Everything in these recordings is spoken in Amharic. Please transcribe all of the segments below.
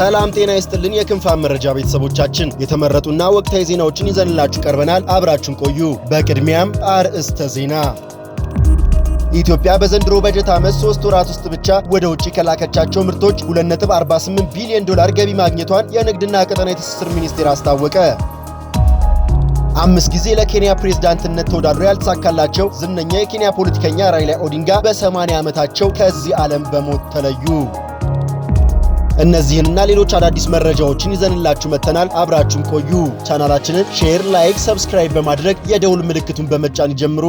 ሰላም ጤና ይስጥልን። የክንፋን መረጃ ቤተሰቦቻችን የተመረጡና ወቅታዊ ዜናዎችን ይዘንላችሁ ቀርበናል። አብራችሁን ቆዩ። በቅድሚያም አርዕስተ ዜና። ኢትዮጵያ በዘንድሮ በጀት ዓመት ሶስት ወራት ውስጥ ብቻ ወደ ውጭ ከላከቻቸው ምርቶች 2.48 ቢሊዮን ዶላር ገቢ ማግኘቷን የንግድና ቀጠና ትስስር ሚኒስቴር አስታወቀ። አምስት ጊዜ ለኬንያ ፕሬዝዳንትነት ተወዳድሮ ያልተሳካላቸው ዝነኛ የኬንያ ፖለቲከኛ ራይላ ኦዲንጋ በ80 ዓመታቸው ከዚህ ዓለም በሞት ተለዩ። እነዚህንና ሌሎች አዳዲስ መረጃዎችን ይዘንላችሁ መጥተናል። አብራችሁን ቆዩ። ቻናላችንን ሼር፣ ላይክ፣ ሰብስክራይብ በማድረግ የደውል ምልክቱን በመጫን ጀምሩ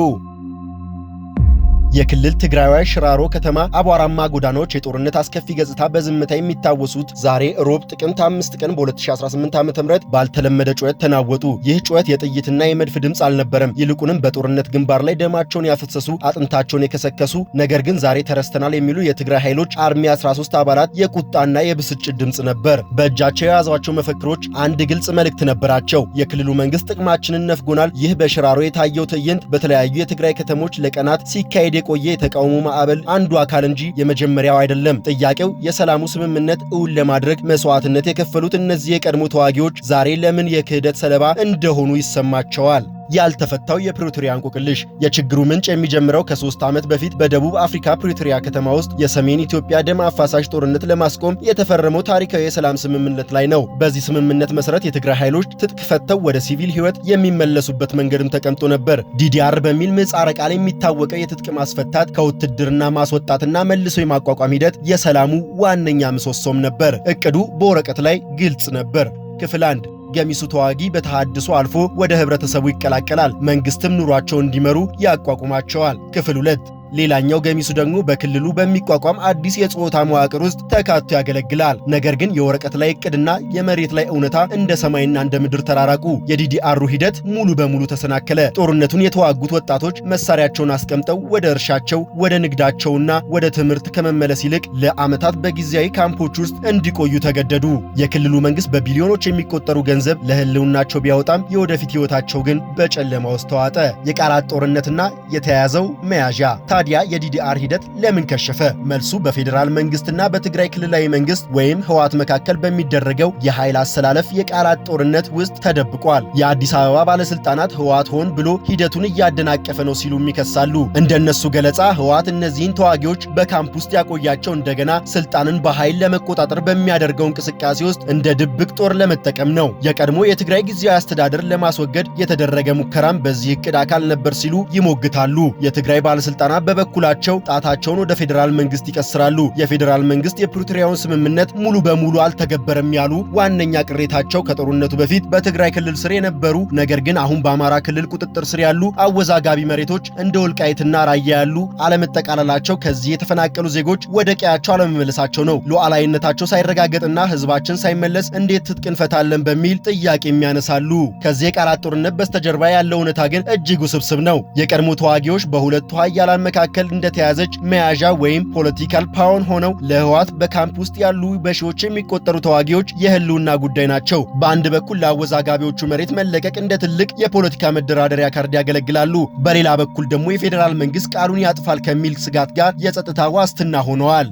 የክልል ትግራይዋ ሽራሮ ከተማ አቧራማ ጎዳናዎች፣ የጦርነት አስከፊ ገጽታ በዝምታ የሚታወሱት ዛሬ ሮብ ጥቅምት 5 ቀን በ2018 ዓ ም ባልተለመደ ጩኸት ተናወጡ። ይህ ጩኸት የጥይትና የመድፍ ድምፅ አልነበረም። ይልቁንም በጦርነት ግንባር ላይ ደማቸውን ያፈሰሱ አጥንታቸውን የከሰከሱ ነገር ግን ዛሬ ተረስተናል የሚሉ የትግራይ ኃይሎች አርሚ 13 አባላት የቁጣና የብስጭት ድምፅ ነበር። በእጃቸው የያዟቸው መፈክሮች አንድ ግልጽ መልእክት ነበራቸው። የክልሉ መንግስት ጥቅማችንን ነፍጎናል። ይህ በሽራሮ የታየው ትዕይንት በተለያዩ የትግራይ ከተሞች ለቀናት ሲካሄድ የቆየ የተቃውሞ ማዕበል አንዱ አካል እንጂ የመጀመሪያው አይደለም። ጥያቄው የሰላሙ ስምምነት እውን ለማድረግ መስዋዕትነት የከፈሉት እነዚህ የቀድሞ ተዋጊዎች ዛሬ ለምን የክህደት ሰለባ እንደሆኑ ይሰማቸዋል? ያልተፈታው የፕሪቶሪያ እንቆቅልሽ። የችግሩ ምንጭ የሚጀምረው ከሶስት ዓመት በፊት በደቡብ አፍሪካ ፕሪቶሪያ ከተማ ውስጥ የሰሜን ኢትዮጵያ ደም አፋሳሽ ጦርነት ለማስቆም የተፈረመው ታሪካዊ የሰላም ስምምነት ላይ ነው። በዚህ ስምምነት መሰረት የትግራይ ኃይሎች ትጥቅ ፈተው ወደ ሲቪል ህይወት የሚመለሱበት መንገድም ተቀምጦ ነበር። ዲዲአር በሚል ምህጻረ ቃል የሚታወቀው የትጥቅ ማስፈታት ከውትድርና ማስወጣትና መልሶ የማቋቋም ሂደት የሰላሙ ዋነኛ ምሰሶም ነበር። እቅዱ በወረቀት ላይ ግልጽ ነበር። ክፍል አንድ ገሚሱ ተዋጊ በተሃድሶ አልፎ ወደ ህብረተሰቡ ይቀላቀላል። መንግስትም ኑሯቸውን እንዲመሩ ያቋቁማቸዋል። ክፍል ሁለት ሌላኛው ገሚሱ ደግሞ በክልሉ በሚቋቋም አዲስ የጾታ መዋቅር ውስጥ ተካቶ ያገለግላል። ነገር ግን የወረቀት ላይ እቅድና የመሬት ላይ እውነታ እንደ ሰማይና እንደ ምድር ተራራቁ። የዲዲአሩ ሂደት ሙሉ በሙሉ ተሰናከለ። ጦርነቱን የተዋጉት ወጣቶች መሳሪያቸውን አስቀምጠው ወደ እርሻቸው፣ ወደ ንግዳቸውና ወደ ትምህርት ከመመለስ ይልቅ ለዓመታት በጊዜያዊ ካምፖች ውስጥ እንዲቆዩ ተገደዱ። የክልሉ መንግስት በቢሊዮኖች የሚቆጠሩ ገንዘብ ለህልውናቸው ቢያወጣም የወደፊት ህይወታቸው ግን በጨለማ ውስጥ ተዋጠ። የቃላት ጦርነትና የተያያዘው መያዣ ታዲያ የዲዲአር ሂደት ለምን ከሸፈ? መልሱ በፌዴራል መንግስትና በትግራይ ክልላዊ መንግስት ወይም ህወሓት መካከል በሚደረገው የኃይል አሰላለፍ የቃላት ጦርነት ውስጥ ተደብቋል። የአዲስ አበባ ባለስልጣናት ህወሓት ሆን ብሎ ሂደቱን እያደናቀፈ ነው ሲሉም ይከሳሉ። እንደነሱ ገለጻ ህወሓት እነዚህን ተዋጊዎች በካምፕ ውስጥ ያቆያቸው እንደገና ስልጣንን በኃይል ለመቆጣጠር በሚያደርገው እንቅስቃሴ ውስጥ እንደ ድብቅ ጦር ለመጠቀም ነው። የቀድሞ የትግራይ ጊዜያዊ አስተዳደር ለማስወገድ የተደረገ ሙከራም በዚህ እቅድ አካል ነበር ሲሉ ይሞግታሉ። የትግራይ ባለስልጣናት በበኩላቸው ጣታቸውን ወደ ፌዴራል መንግስት ይቀስራሉ። የፌዴራል መንግስት የፕሪቶሪያውን ስምምነት ሙሉ በሙሉ አልተገበረም ያሉ ዋነኛ ቅሬታቸው ከጦርነቱ በፊት በትግራይ ክልል ስር የነበሩ ነገር ግን አሁን በአማራ ክልል ቁጥጥር ስር ያሉ አወዛጋቢ መሬቶች እንደ ወልቃይትና ራያ ያሉ አለመጠቃለላቸው ከዚህ የተፈናቀሉ ዜጎች ወደ ቀያቸው አለመመለሳቸው ነው። ሉዓላዊነታቸው ሳይረጋገጥና ህዝባችን ሳይመለስ እንዴት ትጥቅ እንፈታለን በሚል ጥያቄ የሚያነሳሉ። ከዚህ የቃላት ጦርነት በስተጀርባ ያለው እውነታ ግን እጅግ ውስብስብ ነው። የቀድሞ ተዋጊዎች በሁለቱ ሀያላን መካከል መካከል እንደተያዘች መያዣ ወይም ፖለቲካል ፓውን ሆነው ለህወሓት በካምፕ ውስጥ ያሉ በሺዎች የሚቆጠሩ ተዋጊዎች የህልውና ጉዳይ ናቸው። በአንድ በኩል ለአወዛጋቢዎቹ መሬት መለቀቅ እንደ ትልቅ የፖለቲካ መደራደሪያ ካርድ ያገለግላሉ። በሌላ በኩል ደግሞ የፌዴራል መንግስት ቃሉን ያጥፋል ከሚል ስጋት ጋር የጸጥታ ዋስትና ሆነዋል።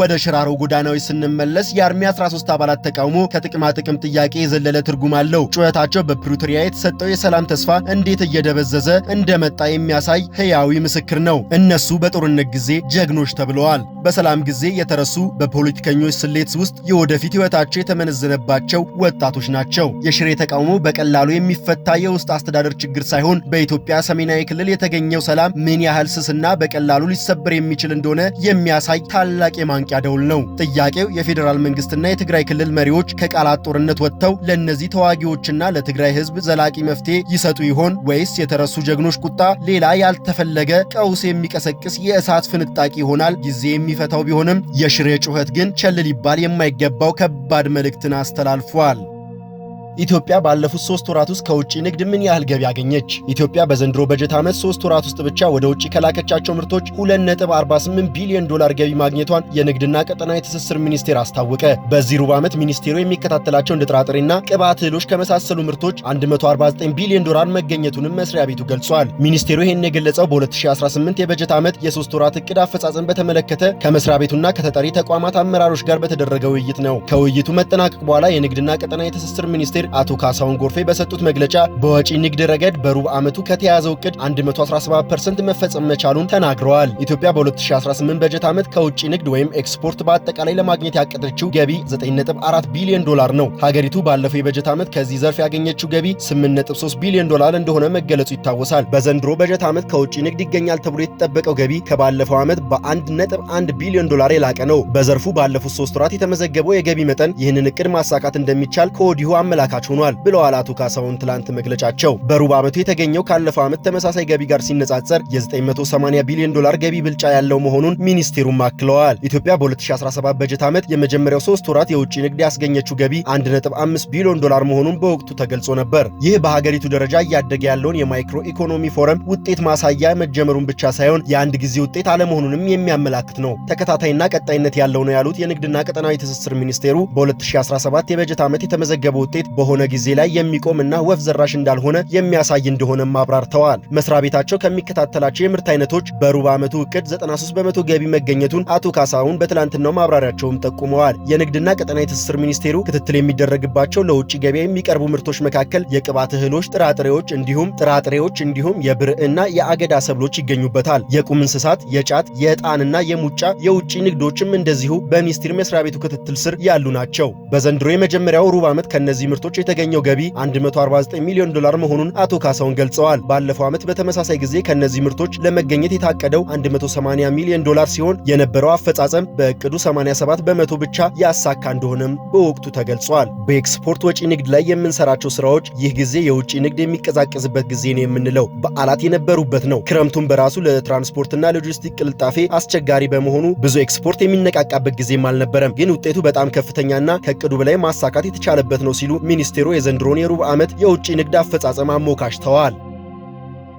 ወደ ሽራሮ ጎዳናዎች ስንመለስ የአርሚ 13 አባላት ተቃውሞ ከጥቅማ ጥቅም ጥያቄ የዘለለ ትርጉም አለው። ጩኸታቸው በፕሪቶሪያ የተሰጠው የሰላም ተስፋ እንዴት እየደበዘዘ እንደመጣ የሚያሳይ ህያዊ ምስክር ነው። እነሱ በጦርነት ጊዜ ጀግኖች ተብለዋል። በሰላም ጊዜ የተረሱ በፖለቲከኞች ስሌት ውስጥ የወደፊት ህይወታቸው የተመነዘነባቸው ወጣቶች ናቸው። የሽሬ ተቃውሞ በቀላሉ የሚፈታ የውስጥ አስተዳደር ችግር ሳይሆን በኢትዮጵያ ሰሜናዊ ክልል የተገኘው ሰላም ምን ያህል ስስና በቀላሉ ሊሰበር የሚችል እንደሆነ የሚያሳይ ታላቅ የማን የማንቂያ ደውል ነው። ጥያቄው የፌዴራል መንግስትና የትግራይ ክልል መሪዎች ከቃላት ጦርነት ወጥተው ለእነዚህ ተዋጊዎችና ለትግራይ ህዝብ ዘላቂ መፍትሄ ይሰጡ ይሆን ወይስ የተረሱ ጀግኖች ቁጣ ሌላ ያልተፈለገ ቀውስ የሚቀሰቅስ የእሳት ፍንጣቂ ይሆናል? ጊዜ የሚፈታው ቢሆንም የሽሬ ጩኸት ግን ቸል ሊባል የማይገባው ከባድ መልእክትን አስተላልፏል። ኢትዮጵያ ባለፉት ሶስት ወራት ውስጥ ከውጭ ንግድ ምን ያህል ገቢ አገኘች? ኢትዮጵያ በዘንድሮ በጀት ዓመት ሶስት ወራት ውስጥ ብቻ ወደ ውጭ ከላከቻቸው ምርቶች 2.48 ቢሊዮን ዶላር ገቢ ማግኘቷን የንግድና ቀጠናዊ ትስስር ሚኒስቴር አስታወቀ። በዚህ ሩብ ዓመት ሚኒስቴሩ የሚከታተላቸው እንደ ጥራጥሬና ቅባት እህሎች ከመሳሰሉ ምርቶች 149 ቢሊዮን ዶላር መገኘቱንም መስሪያ ቤቱ ገልጿል። ሚኒስቴሩ ይህን የገለጸው በ2018 የበጀት ዓመት የሶስት ወራት እቅድ አፈጻጸም በተመለከተ ከመስሪያ ቤቱና ከተጠሪ ተቋማት አመራሮች ጋር በተደረገ ውይይት ነው። ከውይይቱ መጠናቀቅ በኋላ የንግድና ቀጠናዊ ትስስር ሚኒስቴር ሚኒስትር አቶ ካሳሁን ጎርፌ በሰጡት መግለጫ በወጪ ንግድ ረገድ በሩብ ዓመቱ ከተያዘው እቅድ 117% መፈጸም መቻሉን ተናግረዋል። ኢትዮጵያ በ2018 በጀት ዓመት ከውጭ ንግድ ወይም ኤክስፖርት በአጠቃላይ ለማግኘት ያቀደችው ገቢ 9.4 ቢሊዮን ዶላር ነው። ሀገሪቱ ባለፈው የበጀት ዓመት ከዚህ ዘርፍ ያገኘችው ገቢ 8.3 ቢሊዮን ዶላር እንደሆነ መገለጹ ይታወሳል። በዘንድሮ በጀት ዓመት ከውጭ ንግድ ይገኛል ተብሎ የተጠበቀው ገቢ ከባለፈው ዓመት በ1.1 ቢሊዮን ዶላር የላቀ ነው። በዘርፉ ባለፉት ሶስት ወራት የተመዘገበው የገቢ መጠን ይህንን እቅድ ማሳካት እንደሚቻል ከወዲሁ አመላካ አመልካች ሆኗል ብለዋል አቶ ካሳሁን ትላንት መግለጫቸው። በሩብ ዓመቱ የተገኘው ካለፈው ዓመት ተመሳሳይ ገቢ ጋር ሲነጻጸር የ980 ቢሊዮን ዶላር ገቢ ብልጫ ያለው መሆኑን ሚኒስቴሩም አክለዋል። ኢትዮጵያ በ2017 በጀት ዓመት የመጀመሪያው ሶስት ወራት የውጭ ንግድ ያስገኘችው ገቢ 1.5 ቢሊዮን ዶላር መሆኑን በወቅቱ ተገልጾ ነበር። ይህ በሀገሪቱ ደረጃ እያደገ ያለውን የማይክሮ ኢኮኖሚ ፎረም ውጤት ማሳያ መጀመሩን ብቻ ሳይሆን የአንድ ጊዜ ውጤት አለመሆኑንም የሚያመላክት ነው። ተከታታይና ቀጣይነት ያለው ነው ያሉት የንግድና ቀጠናዊ ትስስር ሚኒስቴሩ በ2017 የበጀት ዓመት የተመዘገበው ውጤት በ በሆነ ጊዜ ላይ የሚቆምና ወፍ ዘራሽ እንዳልሆነ የሚያሳይ እንደሆነም አብራርተዋል። መስሪያ ቤታቸው ከሚከታተላቸው የምርት አይነቶች በሩብ ዓመቱ እቅድ 93 በመቶ ገቢ መገኘቱን አቶ ካሳሁን በትላንትናው ማብራሪያቸውም ጠቁመዋል። የንግድና ቀጠናዊ ትስስር ሚኒስቴሩ ክትትል የሚደረግባቸው ለውጭ ገበያ የሚቀርቡ ምርቶች መካከል የቅባት እህሎች፣ ጥራጥሬዎች እንዲሁም ጥራጥሬዎች እንዲሁም የብርዕና የአገዳ ሰብሎች ይገኙበታል። የቁም እንስሳት፣ የጫት፣ የዕጣንና የሙጫ የውጭ ንግዶችም እንደዚሁ በሚኒስቴር መስሪያ ቤቱ ክትትል ስር ያሉ ናቸው። በዘንድሮ የመጀመሪያው ሩብ ዓመት ከእነዚህ ምርቶች ከሽያጩ የተገኘው ገቢ 149 ሚሊዮን ዶላር መሆኑን አቶ ካሳውን ገልጸዋል። ባለፈው ዓመት በተመሳሳይ ጊዜ ከእነዚህ ምርቶች ለመገኘት የታቀደው 180 ሚሊዮን ዶላር ሲሆን የነበረው አፈጻጸም በእቅዱ 87 በመቶ ብቻ ያሳካ እንደሆነም በወቅቱ ተገልጿል። በኤክስፖርት ወጪ ንግድ ላይ የምንሰራቸው ስራዎች ይህ ጊዜ የውጭ ንግድ የሚቀዛቀዝበት ጊዜ ነው የምንለው በዓላት የነበሩበት ነው። ክረምቱን በራሱ ለትራንስፖርትና ሎጂስቲክ ቅልጣፌ አስቸጋሪ በመሆኑ ብዙ ኤክስፖርት የሚነቃቃበት ጊዜም አልነበረም። ግን ውጤቱ በጣም ከፍተኛና ከእቅዱ በላይ ማሳካት የተቻለበት ነው ሲሉ ሚኒስቴሩ የዘንድሮን የሩብ ዓመት የውጭ ንግድ አፈጻጸም አሞካሽተዋል።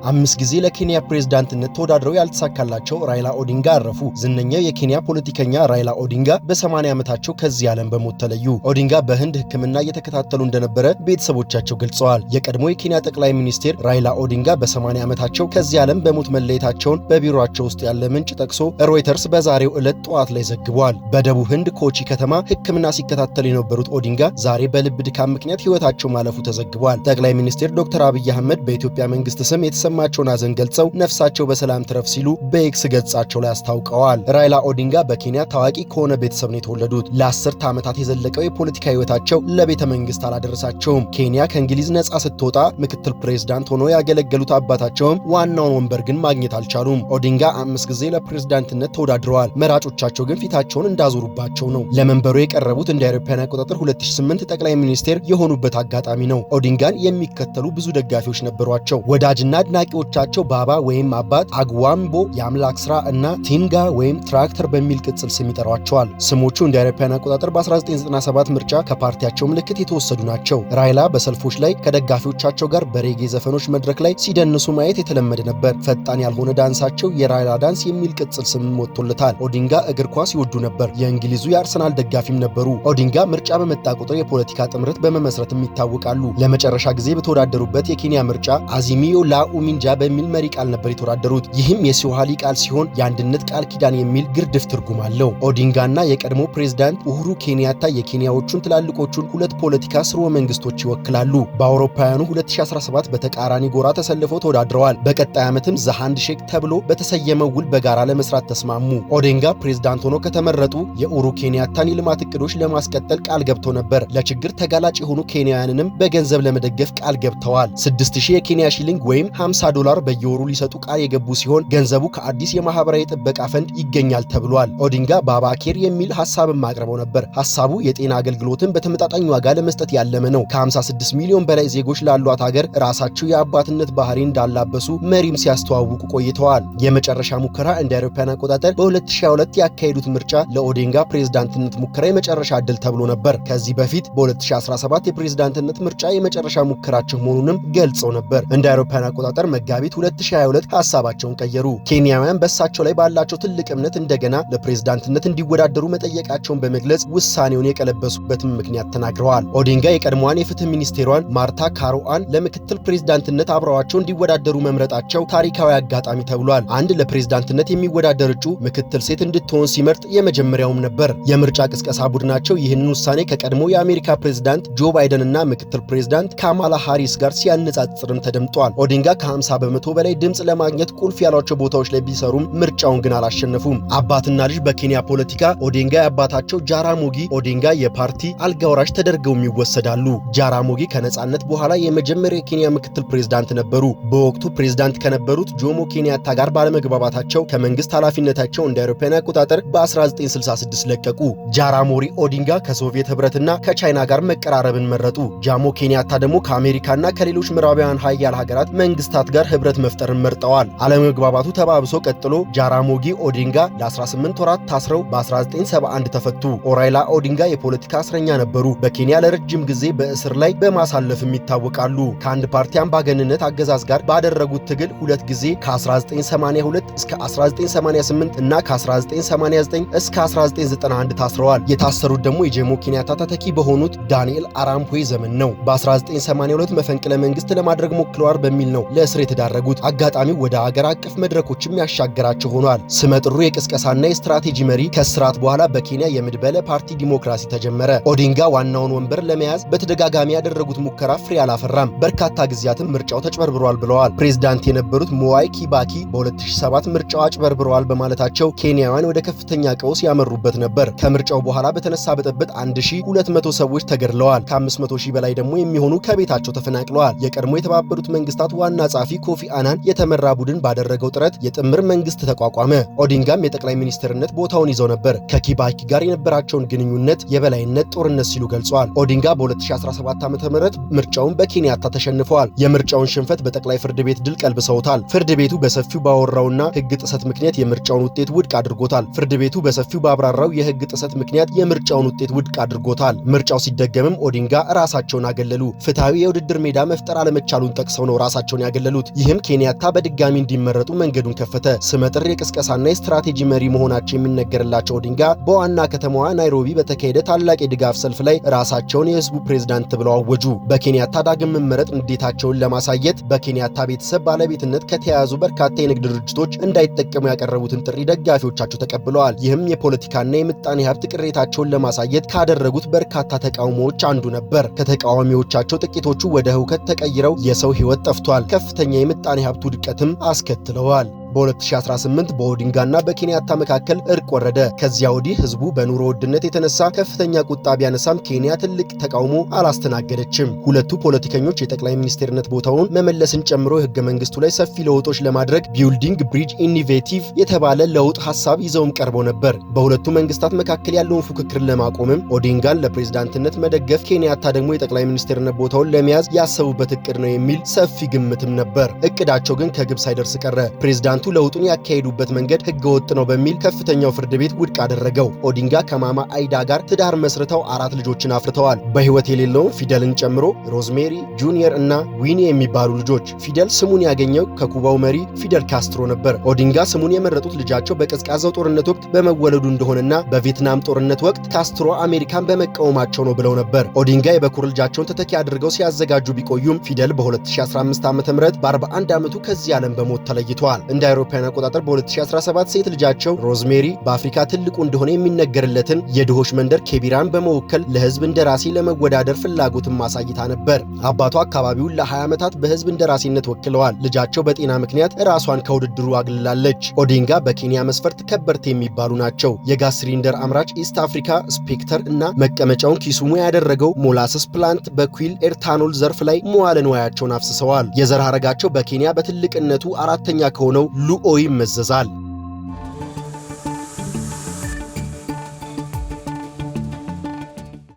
አምስት ጊዜ ለኬንያ ፕሬዝዳንትነት ተወዳድረው ያልተሳካላቸው ራይላ ኦዲንጋ አረፉ። ዝነኛው የኬንያ ፖለቲከኛ ራይላ ኦዲንጋ በ80 ዓመታቸው ከዚህ ዓለም በሞት ተለዩ። ኦዲንጋ በህንድ ሕክምና እየተከታተሉ እንደነበረ ቤተሰቦቻቸው ገልጸዋል። የቀድሞ የኬንያ ጠቅላይ ሚኒስቴር ራይላ ኦዲንጋ በ80 ዓመታቸው ከዚህ ዓለም በሞት መለየታቸውን በቢሮቸው ውስጥ ያለ ምንጭ ጠቅሶ ሮይተርስ በዛሬው ዕለት ጠዋት ላይ ዘግቧል። በደቡብ ህንድ ኮቺ ከተማ ሕክምና ሲከታተሉ የነበሩት ኦዲንጋ ዛሬ በልብ ድካም ምክንያት ሕይወታቸው ማለፉ ተዘግቧል። ጠቅላይ ሚኒስቴር ዶክተር አብይ አህመድ በኢትዮጵያ መንግስት ስም የተሰ የተሰማቸውን ሐዘን ገልጸው ነፍሳቸው በሰላም ትረፍ ሲሉ በኤክስ ገጻቸው ላይ አስታውቀዋል። ራይላ ኦዲንጋ በኬንያ ታዋቂ ከሆነ ቤተሰብ ነው የተወለዱት። ለአስርተ ዓመታት የዘለቀው የፖለቲካ ህይወታቸው ለቤተ መንግስት አላደረሳቸውም። ኬንያ ከእንግሊዝ ነፃ ስትወጣ ምክትል ፕሬዝዳንት ሆኖ ያገለገሉት አባታቸውም ዋናውን ወንበር ግን ማግኘት አልቻሉም። ኦዲንጋ አምስት ጊዜ ለፕሬዝዳንትነት ተወዳድረዋል። መራጮቻቸው ግን ፊታቸውን እንዳዞሩባቸው ነው። ለመንበሩ የቀረቡት እንደ አውሮፓውያን አቆጣጠር 2008 ጠቅላይ ሚኒስቴር የሆኑበት አጋጣሚ ነው። ኦዲንጋን የሚከተሉ ብዙ ደጋፊዎች ነበሯቸው። ወዳጅና አድናቂዎቻቸው ባባ ወይም አባት፣ አግዋምቦ የአምላክ ስራ እና ቲንጋ ወይም ትራክተር በሚል ቅጽል ስም ይጠሯቸዋል። ስሞቹ እንደ አውሮፓውያን አቆጣጠር በ1997 ምርጫ ከፓርቲያቸው ምልክት የተወሰዱ ናቸው። ራይላ በሰልፎች ላይ ከደጋፊዎቻቸው ጋር በሬጌ ዘፈኖች መድረክ ላይ ሲደንሱ ማየት የተለመደ ነበር። ፈጣን ያልሆነ ዳንሳቸው የራይላ ዳንስ የሚል ቅጽል ስም ወጥቶለታል። ኦዲንጋ እግር ኳስ ይወዱ ነበር። የእንግሊዙ የአርሰናል ደጋፊም ነበሩ። ኦዲንጋ ምርጫ በመጣ ቁጥር የፖለቲካ ጥምረት በመመስረትም ይታወቃሉ። ለመጨረሻ ጊዜ በተወዳደሩበት የኬንያ ምርጫ አዚሚዮ ላኡሚ ሚንጃ በሚል መሪ ቃል ነበር የተወዳደሩት። ይህም የስዋሂሊ ቃል ሲሆን የአንድነት ቃል ኪዳን የሚል ግርድፍ ትርጉም አለው። ኦዲንጋና የቀድሞ ፕሬዝዳንት ኡሁሩ ኬንያታ የኬንያዎቹን ትላልቆቹን ሁለት ፖለቲካ ስርወ መንግስቶች ይወክላሉ። በአውሮፓውያኑ 2017 በተቃራኒ ጎራ ተሰልፈው ተወዳድረዋል። በቀጣይ ዓመትም ዘሃንድ ሼክ ተብሎ በተሰየመው ውል በጋራ ለመስራት ተስማሙ። ኦዴንጋ ፕሬዝዳንት ሆኖ ከተመረጡ የኡሁሩ ኬንያታን የልማት እቅዶች ለማስቀጠል ቃል ገብቶ ነበር። ለችግር ተጋላጭ የሆኑ ኬንያውያንንም በገንዘብ ለመደገፍ ቃል ገብተዋል። 6000 የኬንያ ሺሊንግ ወይም 50 ዶላር በየወሩ ሊሰጡ ቃል የገቡ ሲሆን ገንዘቡ ከአዲስ የማህበራዊ ጥበቃ ፈንድ ይገኛል ተብሏል። ኦዲንጋ ባባኬር የሚል ሀሳብም አቅርበው ነበር። ሐሳቡ የጤና አገልግሎትን በተመጣጣኝ ዋጋ ለመስጠት ያለመ ነው። ከ56 ሚሊዮን በላይ ዜጎች ላሏት ሀገር ራሳቸው የአባትነት ባህሪ እንዳላበሱ መሪም ሲያስተዋውቁ ቆይተዋል። የመጨረሻ ሙከራ እንደ አውሮፓውያን አቆጣጠር በ2022 ያካሄዱት ምርጫ ለኦዲንጋ ፕሬዝዳንትነት ሙከራ የመጨረሻ እድል ተብሎ ነበር። ከዚህ በፊት በ2017 የፕሬዝዳንትነት ምርጫ የመጨረሻ ሙከራቸው መሆኑንም ገልጸው ነበር። እንደ አውሮፓውያን አቆጣጠር መጋቢት 2022 ሀሳባቸውን ቀየሩ። ኬንያውያን በእሳቸው ላይ ባላቸው ትልቅ እምነት እንደገና ለፕሬዝዳንትነት እንዲወዳደሩ መጠየቃቸውን በመግለጽ ውሳኔውን የቀለበሱበትም ምክንያት ተናግረዋል። ኦዲንጋ የቀድሞዋን የፍትህ ሚኒስቴሯን ማርታ ካሮአን ለምክትል ፕሬዝዳንትነት አብረዋቸው እንዲወዳደሩ መምረጣቸው ታሪካዊ አጋጣሚ ተብሏል። አንድ ለፕሬዝዳንትነት የሚወዳደር እጩ ምክትል ሴት እንድትሆን ሲመርጥ የመጀመሪያውም ነበር። የምርጫ ቅስቀሳ ቡድናቸው ይህንን ውሳኔ ከቀድሞ የአሜሪካ ፕሬዝዳንት ጆ ባይደን እና ምክትል ፕሬዝዳንት ካማላ ሃሪስ ጋር ሲያነጻጽርም ተደምጧል። ኦዲንጋ ከ50 በመቶ በላይ ድምፅ ለማግኘት ቁልፍ ያሏቸው ቦታዎች ላይ ቢሰሩም ምርጫውን ግን አላሸነፉም። አባትና ልጅ በኬንያ ፖለቲካ ኦዲንጋ የአባታቸው ጃራሞጊ ኦዲንጋ የፓርቲ አልጋውራሽ ተደርገው ተደርገውም ይወሰዳሉ። ጃራሞጊ ከነጻነት በኋላ የመጀመሪያ የኬንያ ምክትል ፕሬዝዳንት ነበሩ። በወቅቱ ፕሬዝዳንት ከነበሩት ጆሞ ኬንያታ ጋር ባለመግባባታቸው ከመንግስት ኃላፊነታቸው እንደ አውሮፓውያን አቆጣጠር በ1966 ለቀቁ። ጃራሞሪ ኦዲንጋ ከሶቪየት ህብረትና ከቻይና ጋር መቀራረብን መረጡ። ጃሞ ኬንያታ ደግሞ ከአሜሪካና ከሌሎች ምዕራባውያን ሀያል ሀገራት መንግስታት አካላት ጋር ህብረት መፍጠርን መርጠዋል። አለመግባባቱ ተባብሶ ቀጥሎ ጃራሞጊ ኦዲንጋ ለ18 ወራት ታስረው በ1971 ተፈቱ። ኦራይላ ኦዲንጋ የፖለቲካ እስረኛ ነበሩ። በኬንያ ለረጅም ጊዜ በእስር ላይ በማሳለፍም ይታወቃሉ። ከአንድ ፓርቲ አምባገንነት አገዛዝ ጋር ባደረጉት ትግል ሁለት ጊዜ ከ1982 እስከ 1988 እና ከ1989 እስከ 1991 ታስረዋል። የታሰሩት ደግሞ የጀሞ ኬንያታ ተተኪ በሆኑት ዳንኤል አራምፖይ ዘመን ነው። በ1982 መፈንቅለ መንግስት ለማድረግ ሞክለዋል በሚል ነው ለእስር ለእስር የተዳረጉት አጋጣሚው ወደ ሀገር አቀፍ መድረኮችም ያሻገራቸው ሆኗል። ስመጥሩ የቅስቀሳና የስትራቴጂ መሪ ከእስራት በኋላ በኬንያ የምድበለ ፓርቲ ዲሞክራሲ ተጀመረ። ኦዲንጋ ዋናውን ወንበር ለመያዝ በተደጋጋሚ ያደረጉት ሙከራ ፍሬ አላፈራም። በርካታ ጊዜያትም ምርጫው ተጭበርብሯል ብለዋል። ፕሬዚዳንት የነበሩት ሞዋይ ኪባኪ በ2007 ምርጫው አጭበርብረዋል በማለታቸው ኬንያውያን ወደ ከፍተኛ ቀውስ ያመሩበት ነበር። ከምርጫው በኋላ በተነሳ ብጥብጥ 1200 ሰዎች ተገድለዋል። ከ500 ሺህ በላይ ደግሞ የሚሆኑ ከቤታቸው ተፈናቅለዋል። የቀድሞ የተባበሩት መንግስታት ዋና ጸሐፊ ኮፊ አናን የተመራ ቡድን ባደረገው ጥረት የጥምር መንግስት ተቋቋመ። ኦዲንጋም የጠቅላይ ሚኒስትርነት ቦታውን ይዘው ነበር። ከኪባኪ ጋር የነበራቸውን ግንኙነት የበላይነት ጦርነት ሲሉ ገልጸዋል። ኦዲንጋ በ2017 ዓ ም ምርጫውን በኬንያታ ተሸንፈዋል። የምርጫውን ሽንፈት በጠቅላይ ፍርድ ቤት ድል ቀልብሰውታል። ፍርድ ቤቱ በሰፊው ባወራውና ህግ ጥሰት ምክንያት የምርጫውን ውጤት ውድቅ አድርጎታል። ፍርድ ቤቱ በሰፊው ባብራራው የህግ ጥሰት ምክንያት የምርጫውን ውጤት ውድቅ አድርጎታል። ምርጫው ሲደገምም ኦዲንጋ ራሳቸውን አገለሉ። ፍትሐዊ የውድድር ሜዳ መፍጠር አለመቻሉን ጠቅሰው ነው ራሳቸውን ያገለሉ ያጠቃለሉት። ይህም ኬንያታ በድጋሚ እንዲመረጡ መንገዱን ከፈተ። ስመጥር የቅስቀሳና የስትራቴጂ መሪ መሆናቸው የሚነገርላቸው ኦዲንጋ በዋና ከተማዋ ናይሮቢ በተካሄደ ታላቅ የድጋፍ ሰልፍ ላይ ራሳቸውን የህዝቡ ፕሬዝዳንት ብለው አወጁ። በኬንያታ ዳግም መመረጥ ንዴታቸውን ለማሳየት በኬንያታ ቤተሰብ ባለቤትነት ከተያያዙ በርካታ የንግድ ድርጅቶች እንዳይጠቀሙ ያቀረቡትን ጥሪ ደጋፊዎቻቸው ተቀብለዋል። ይህም የፖለቲካና የምጣኔ ሀብት ቅሬታቸውን ለማሳየት ካደረጉት በርካታ ተቃውሞዎች አንዱ ነበር። ከተቃዋሚዎቻቸው ጥቂቶቹ ወደ ህውከት ተቀይረው የሰው ህይወት ጠፍቷል ከፍ ከፍተኛ የምጣኔ ሀብት ውድቀትም አስከትለዋል። በ2018 በኦዲንጋና በኬንያታ መካከል እርቅ ወረደ። ከዚያ ወዲህ ህዝቡ በኑሮ ውድነት የተነሳ ከፍተኛ ቁጣ ቢያነሳም ኬንያ ትልቅ ተቃውሞ አላስተናገደችም። ሁለቱ ፖለቲከኞች የጠቅላይ ሚኒስቴርነት ቦታውን መመለስን ጨምሮ የህገ መንግስቱ ላይ ሰፊ ለውጦች ለማድረግ ቢልዲንግ ብሪጅ ኢኒቬቲቭ የተባለ ለውጥ ሀሳብ ይዘውም ቀርበው ነበር። በሁለቱ መንግስታት መካከል ያለውን ፉክክር ለማቆምም ኦዲንጋን ለፕሬዝዳንትነት መደገፍ፣ ኬንያታ ደግሞ የጠቅላይ ሚኒስቴርነት ቦታውን ለመያዝ ያሰቡበት እቅድ ነው የሚል ሰፊ ግምትም ነበር። እቅዳቸው ግን ከግብ ሳይደርስ ቀረ። ፕሬዝዳንቱ ፕሬዝዳንቱ ለውጡን ያካሄዱበት መንገድ ወጥ ነው በሚል ከፍተኛው ፍርድ ቤት ውድቅ አደረገው። ኦዲንጋ ከማማ አይዳ ጋር ትዳር መስርተው አራት ልጆችን አፍርተዋል። በህይወት የሌለውን ፊደልን ጨምሮ ሮዝሜሪ ጁኒየር እና ዊኒ የሚባሉ ልጆች። ፊደል ስሙን ያገኘው ከኩባው መሪ ፊደል ካስትሮ ነበር። ኦዲንጋ ስሙን የመረጡት ልጃቸው በቀዝቃዛው ጦርነት ወቅት በመወለዱ እንደሆነና በቪየትናም ጦርነት ወቅት ካስትሮ አሜሪካን በመቃወማቸው ነው ብለው ነበር። ኦዲንጋ የበኩር ልጃቸውን ተተኪ አድርገው ሲያዘጋጁ ቢቆዩም ፊደል በ2015 ዓ.ም በ41 ዓመቱ ከዚህ ዓለም በሞት ተለይተዋል። አውሮፓውያን አቆጣጠር በ2017 ሴት ልጃቸው ሮዝሜሪ በአፍሪካ ትልቁ እንደሆነ የሚነገርለትን የድሆች መንደር ኬቢራን በመወከል ለህዝብ እንደራሴ ለመወዳደር ፍላጎትን ማሳይታ ነበር። አባቷ አካባቢውን ለ20 ዓመታት በህዝብ እንደራሴነት ወክለዋል። ልጃቸው በጤና ምክንያት ራሷን ከውድድሩ አግልላለች። ኦዲንጋ በኬንያ መስፈርት ከበርቴ የሚባሉ ናቸው። የጋዝ ሲሊንደር አምራች ኢስት አፍሪካ ስፔክተር እና መቀመጫውን ኪሱሙ ያደረገው ሞላሰስ ፕላንት በኩል ኤርታኖል ዘርፍ ላይ መዋለ ንዋያቸውን አፍስሰዋል። የዘር ሐረጋቸው በኬንያ በትልቅነቱ አራተኛ ከሆነው ሉኦ ይመዘዛል።